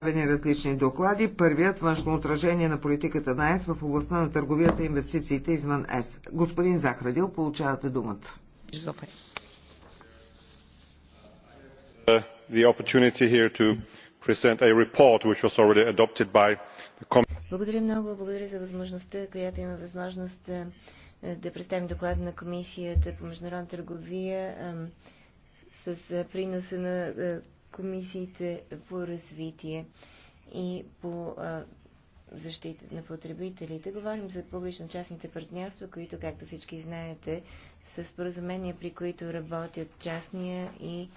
представени различни доклади. Първият външно отражение на политиката на ЕС в областта на търговията и инвестициите извън ЕС. Господин Захрадил, получавате думата. Благодаря много. Благодаря за възможността, която има възможност е, е, да представим доклад на Комисията по международна търговия с е, приноса на комисиите по развитие и по а, защита на потребителите. Говорим за публично-частните партньорства, които, както всички знаете, са споразумения, при които работят частния и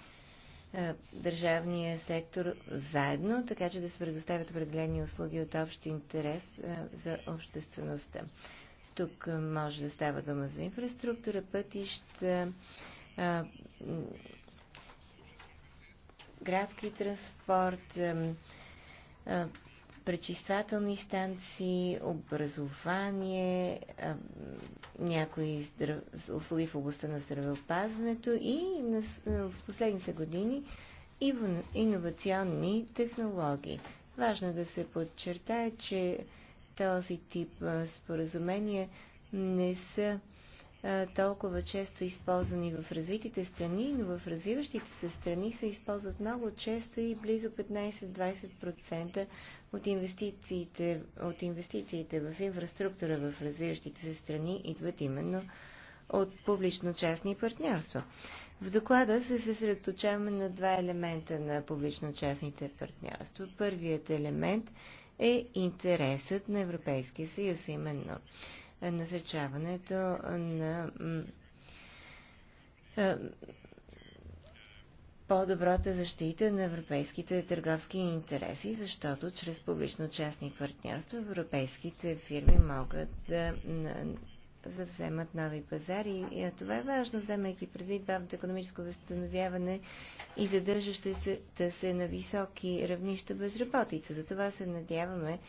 а, държавния сектор заедно, така че да се предоставят определени услуги от общ интерес а, за обществеността. Тук може да става дума за инфраструктура, пътища, градски транспорт, пречиствателни станции, образование, някои услуги в областта на здравеопазването и е, в последните години и в иновационни технологии. Важно е да се подчертае, че този тип е, споразумения не са е, толкова често използвани в развитите страни, но в развиващите се страни се използват много често и близо 15-20% от инвестициите, от инвестициите в инфраструктура в развиващите се страни идват именно от публично-частни партньорства. В доклада се съсредоточаваме на два елемента на публично-частните партньорства. Първият елемент е интересът на Европейския съюз, именно насърчаването на по-добрата защита на европейските търговски интереси, защото чрез публично-частни партньорства европейските фирми могат да завземат нови пазари. И това е важно, вземайки предвид бавното економическо възстановяване и да се на високи равнища безработица. Затова се надяваме,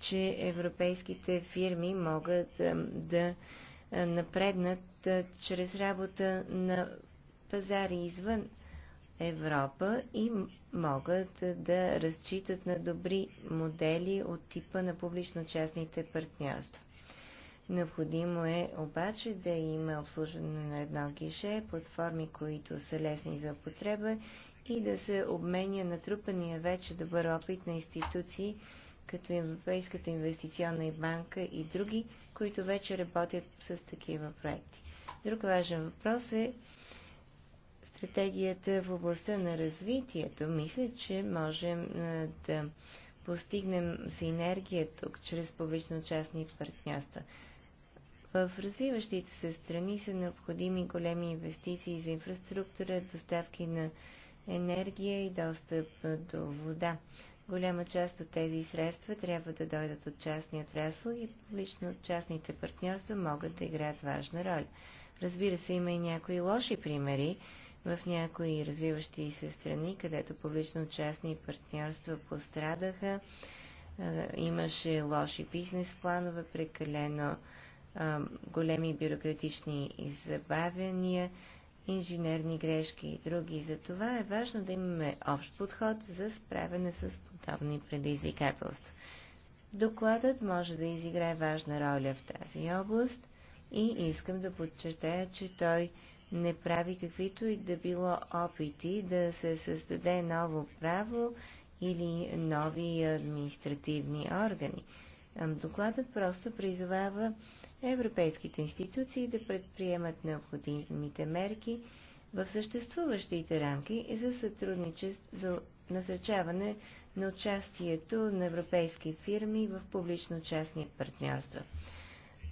че европейските фирми могат да напреднат чрез работа на пазари извън Европа и могат да разчитат на добри модели от типа на публично-частните партньорства. Необходимо е обаче да има обслужване на едно гише, платформи, които са лесни за употреба и да се обменя натрупания вече добър опит на институции, като Европейската инвестиционна банка и други, които вече работят с такива проекти. Друг важен въпрос е стратегията в областта на развитието. Мисля, че можем да постигнем синергия тук чрез публично-частни партньорства. В развиващите се страни са необходими големи инвестиции за инфраструктура, доставки на енергия и достъп до вода. Голяма част от тези средства трябва да дойдат от частния отрасъл и публично-частните партньорства могат да играят важна роля. Разбира се, има и някои лоши примери в някои развиващи се страни, където публично-частни партньорства пострадаха. Имаше лоши бизнес планове, прекалено големи бюрократични забавяния, инженерни грешки и други. Затова е важно да имаме общ подход за справяне с подобни предизвикателства. Докладът може да изиграе важна роля в тази област и искам да подчертая, че той не прави каквито и да било опити да се създаде ново право или нови административни органи. Докладът просто призовава европейските институции да предприемат необходимите мерки в съществуващите рамки за сътрудничество, за насърчаване на участието на европейски фирми в публично-частни партньорства.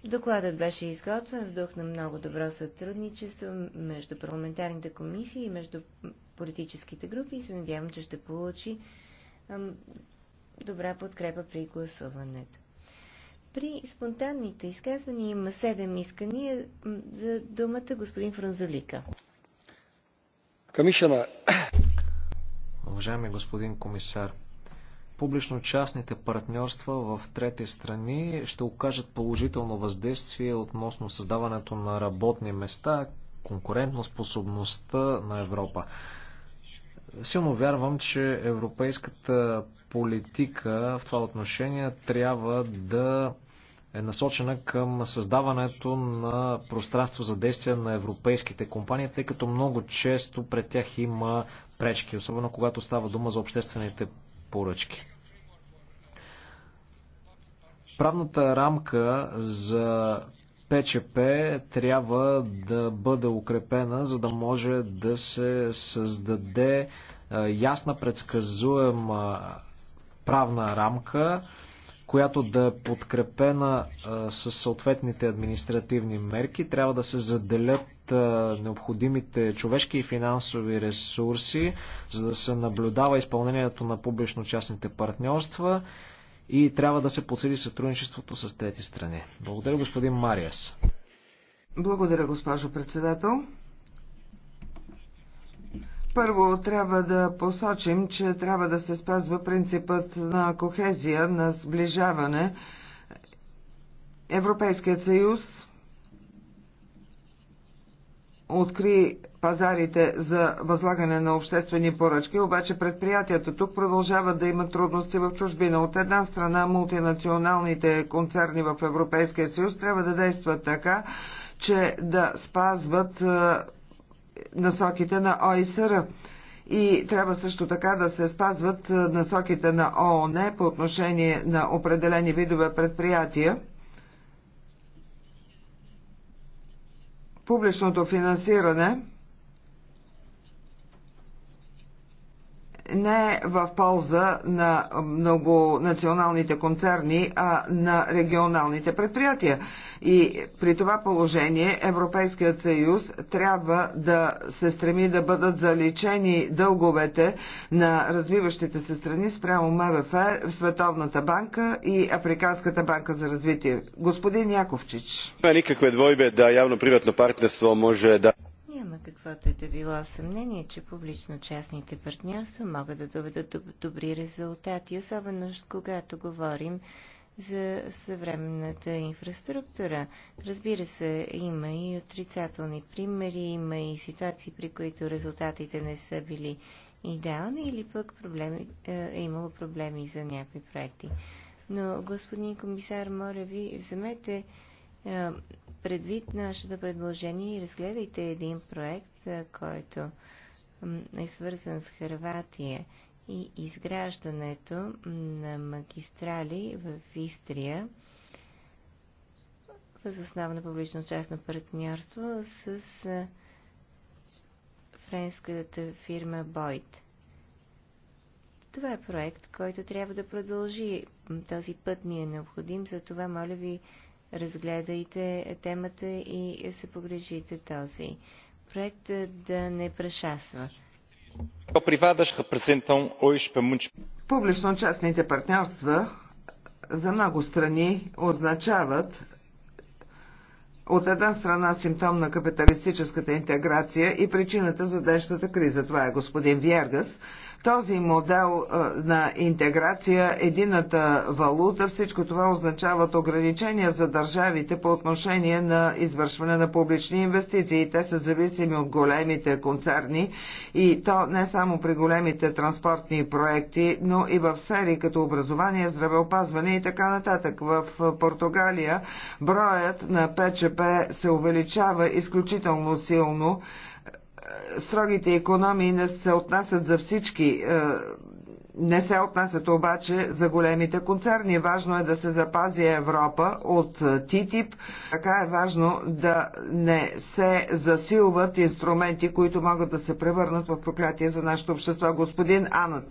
Докладът беше изготвен в дух на много добро сътрудничество между парламентарните комисии и между политическите групи и се надявам, че ще получи добра подкрепа при гласуването. При спонтанните изказвания има седем искания за думата господин Франзолика. Камишана. Уважаеми господин комисар, публично-частните партньорства в трети страни ще окажат положително въздействие относно създаването на работни места, конкурентно способността на Европа. Силно вярвам, че европейската политика в това отношение трябва да е насочена към създаването на пространство за действие на европейските компании, тъй като много често пред тях има пречки, особено когато става дума за обществените поръчки. Правната рамка за ПЧП трябва да бъде укрепена, за да може да се създаде ясна, предсказуема правна рамка, която да е подкрепена с съответните административни мерки. Трябва да се заделят необходимите човешки и финансови ресурси, за да се наблюдава изпълнението на публично-частните партньорства и трябва да се подсили сътрудничеството с трети страни. Благодаря, господин Мариас. Благодаря, госпожо председател. Първо трябва да посочим, че трябва да се спазва принципът на кохезия, на сближаване. Европейският съюз откри пазарите за възлагане на обществени поръчки, обаче предприятията тук продължават да имат трудности в чужбина. От една страна мултинационалните концерни в Европейския съюз трябва да действат така, че да спазват е, насоките на ОИСР. И трябва също така да се спазват е, насоките на ООН по отношение на определени видове предприятия. публичното финансиране не е в полза на многонационалните концерни, а на регионалните предприятия. И при това положение Европейският съюз трябва да се стреми да бъдат заличени дълговете на развиващите се страни спрямо МВФ, Световната банка и Африканската банка за развитие. Господин Яковчич. Няма никакви двойбе да явно-приватно партнерство може да каквото е да било съмнение, че публично-частните партньорства могат да доведат до добри резултати, особено когато говорим за съвременната инфраструктура. Разбира се, има и отрицателни примери, има и ситуации, при които резултатите не са били идеални или пък проблеми, е, е имало проблеми за някои проекти. Но, господин комисар, моля ви, вземете е, предвид нашето предложение разгледайте един проект, е, който е свързан с Харватия и изграждането на магистрали в Истрия възоснова на публично-частно партньорство с е, френската фирма Бойт. Това е проект, който трябва да продължи. Този път ни е необходим, затова моля ви разгледайте темата и се погрежите този проект да не прешасва. Публично-частните партньорства за много страни означават от една страна симптом на капиталистическата интеграция и причината за днешната криза. Това е господин Виергас. Този модел е, на интеграция, едината валута, всичко това означават ограничения за държавите по отношение на извършване на публични инвестиции. Те са зависими от големите концерни и то не само при големите транспортни проекти, но и в сфери като образование, здравеопазване и така нататък. В Португалия броят на ПЧП се увеличава изключително силно строгите економии не се отнасят за всички е, не се отнасят обаче за големите концерни. Важно е да се запази Европа от е, ТИТИП. Така е важно да не се засилват инструменти, които могат да се превърнат в проклятие за нашето общество. Господин Анът.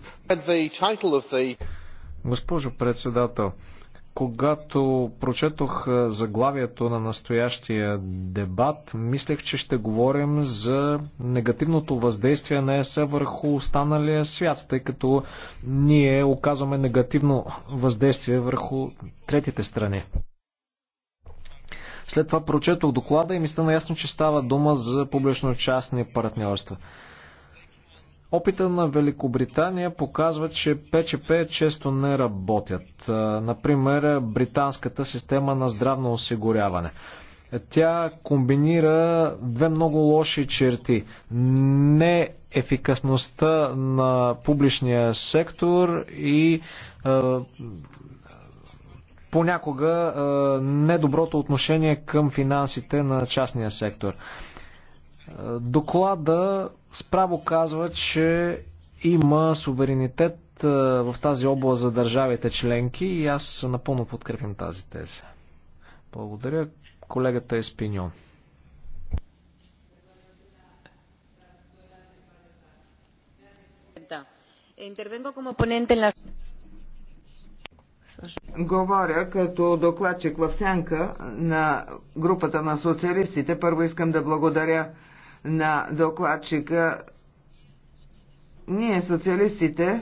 Госпожо председател, когато прочетох заглавието на настоящия дебат, мислех, че ще говорим за негативното въздействие на ЕС върху останалия свят, тъй като ние оказваме негативно въздействие върху третите страни. След това прочетох доклада и ми стана ясно, че става дума за публично-частни партньорства. Опита на Великобритания показва, че ПЧП често не работят. Например, британската система на здравно осигуряване. Тя комбинира две много лоши черти. Не ефикасността на публичния сектор и е, понякога е, недоброто отношение към финансите на частния сектор. Доклада справо казва, че има суверенитет в тази област за държавите членки и аз напълно подкрепим тази теза. Благодаря. Колегата Еспиньон. Говоря като докладчик в сянка на групата на социалистите. Първо искам да благодаря на докладчика. Ние, социалистите,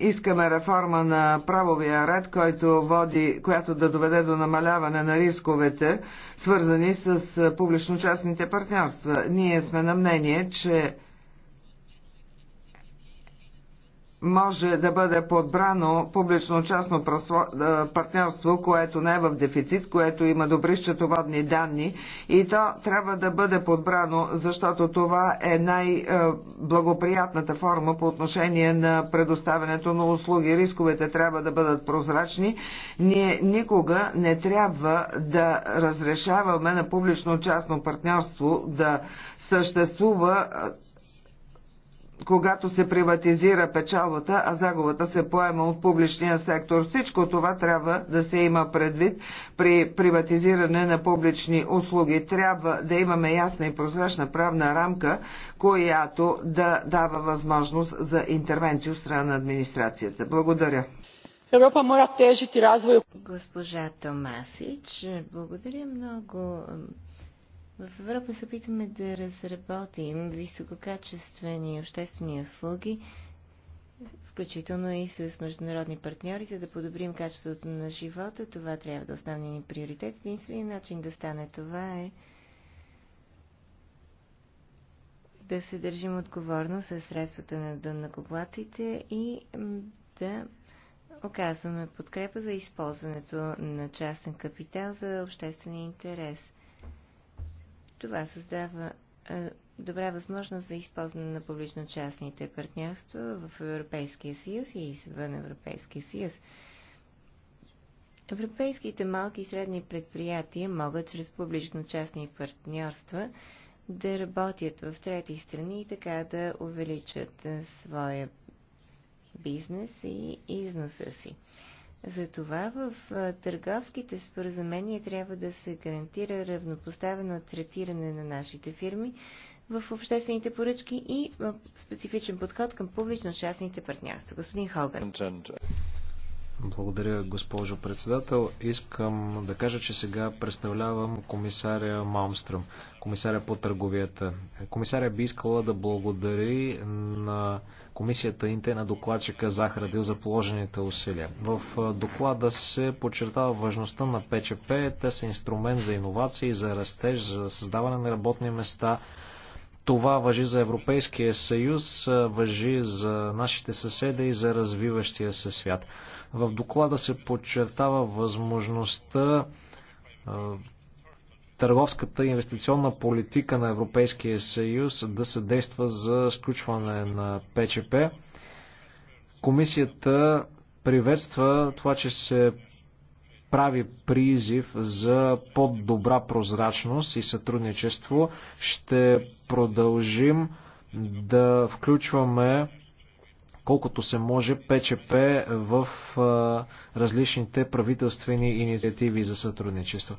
искаме реформа на правовия ред, който води, която да доведе до намаляване на рисковете, свързани с публично-частните партньорства. Ние сме на мнение, че може да бъде подбрано публично-частно партньорство, което не е в дефицит, което има добри счетоводни данни и то трябва да бъде подбрано, защото това е най-благоприятната форма по отношение на предоставянето на услуги. Рисковете трябва да бъдат прозрачни. Ние никога не трябва да разрешаваме на публично-частно партньорство да съществува когато се приватизира печалбата, а загубата се поема от публичния сектор. Всичко това трябва да се има предвид при приватизиране на публични услуги. Трябва да имаме ясна и прозрачна правна рамка, която да дава възможност за интервенция от страна на администрацията. Благодаря. Европа мора тежити развой. Госпожа Томасич, благодаря много. В Европа се опитваме да разработим висококачествени обществени услуги, включително и с международни партньори, за да подобрим качеството на живота. Това трябва да остане ни приоритет. Единственият начин да стане това е да се държим отговорно с средствата на дънакоплатите и да оказваме подкрепа за използването на частен капитал за обществения интерес – това създава е, добра възможност за използване на публично-частните партньорства в Европейския съюз и извън Европейския съюз. Европейските малки и средни предприятия могат чрез публично-частни партньорства да работят в трети страни и така да увеличат е, своя бизнес и износа си. Затова в търговските споразумения трябва да се гарантира равнопоставено третиране на нашите фирми в обществените поръчки и специфичен подход към публично-частните партньорства. Господин Хоган. Благодаря, госпожо председател. Искам да кажа, че сега представлявам комисаря Малмстръм, комисаря по търговията. Комисаря би искала да благодари на комисията Инте на докладчика Дил за положените усилия. В доклада се подчертава важността на ПЧП. Те са инструмент за иновации, за растеж, за създаване на работни места, това въжи за Европейския съюз, въжи за нашите съседи и за развиващия се свят. В доклада се подчертава възможността търговската инвестиционна политика на Европейския съюз да се действа за сключване на ПЧП. Комисията приветства това, че се прави призив за по-добра прозрачност и сътрудничество. Ще продължим да включваме колкото се може ПЧП в различните правителствени инициативи за сътрудничество.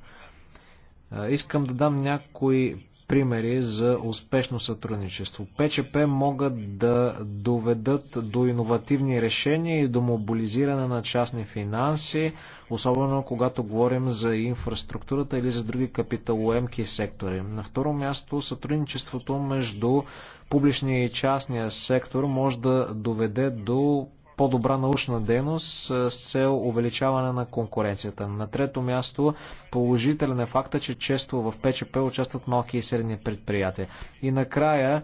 Искам да дам някои примери за успешно сътрудничество. ПЧП могат да доведат до иновативни решения и до мобилизиране на частни финанси, особено когато говорим за инфраструктурата или за други капиталоемки сектори. На второ място, сътрудничеството между публичния и частния сектор може да доведе до по-добра научна дейност с цел увеличаване на конкуренцията. На трето място, положителен е факта, че често в ПЧП участват малки и средни предприятия. И накрая,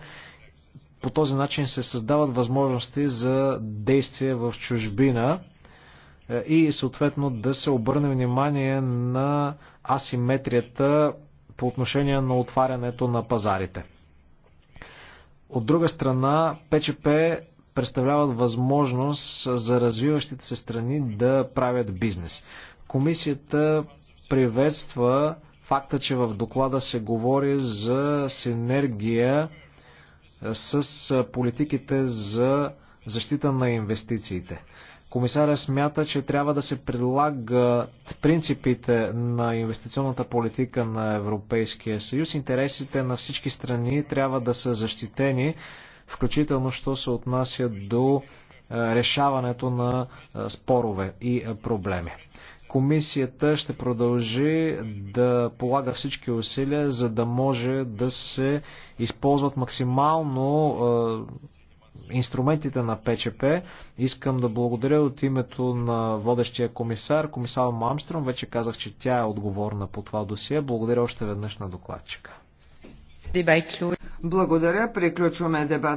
по този начин се създават възможности за действие в чужбина и съответно да се обърне внимание на асиметрията по отношение на отварянето на пазарите. От друга страна, ПЧП представляват възможност за развиващите се страни да правят бизнес. Комисията приветства факта, че в доклада се говори за синергия с политиките за защита на инвестициите. Комисаря смята, че трябва да се предлагат принципите на инвестиционната политика на Европейския съюз. Интересите на всички страни трябва да са защитени включително що се отнася до е, решаването на е, спорове и е, проблеми. Комисията ще продължи да полага всички усилия, за да може да се използват максимално инструментите на ПЧП. Искам да благодаря от името на водещия комисар, комисар Мамстром. Вече казах, че тя е отговорна по това досие. Благодаря още веднъж на докладчика. Благодаря. Приключваме дебат.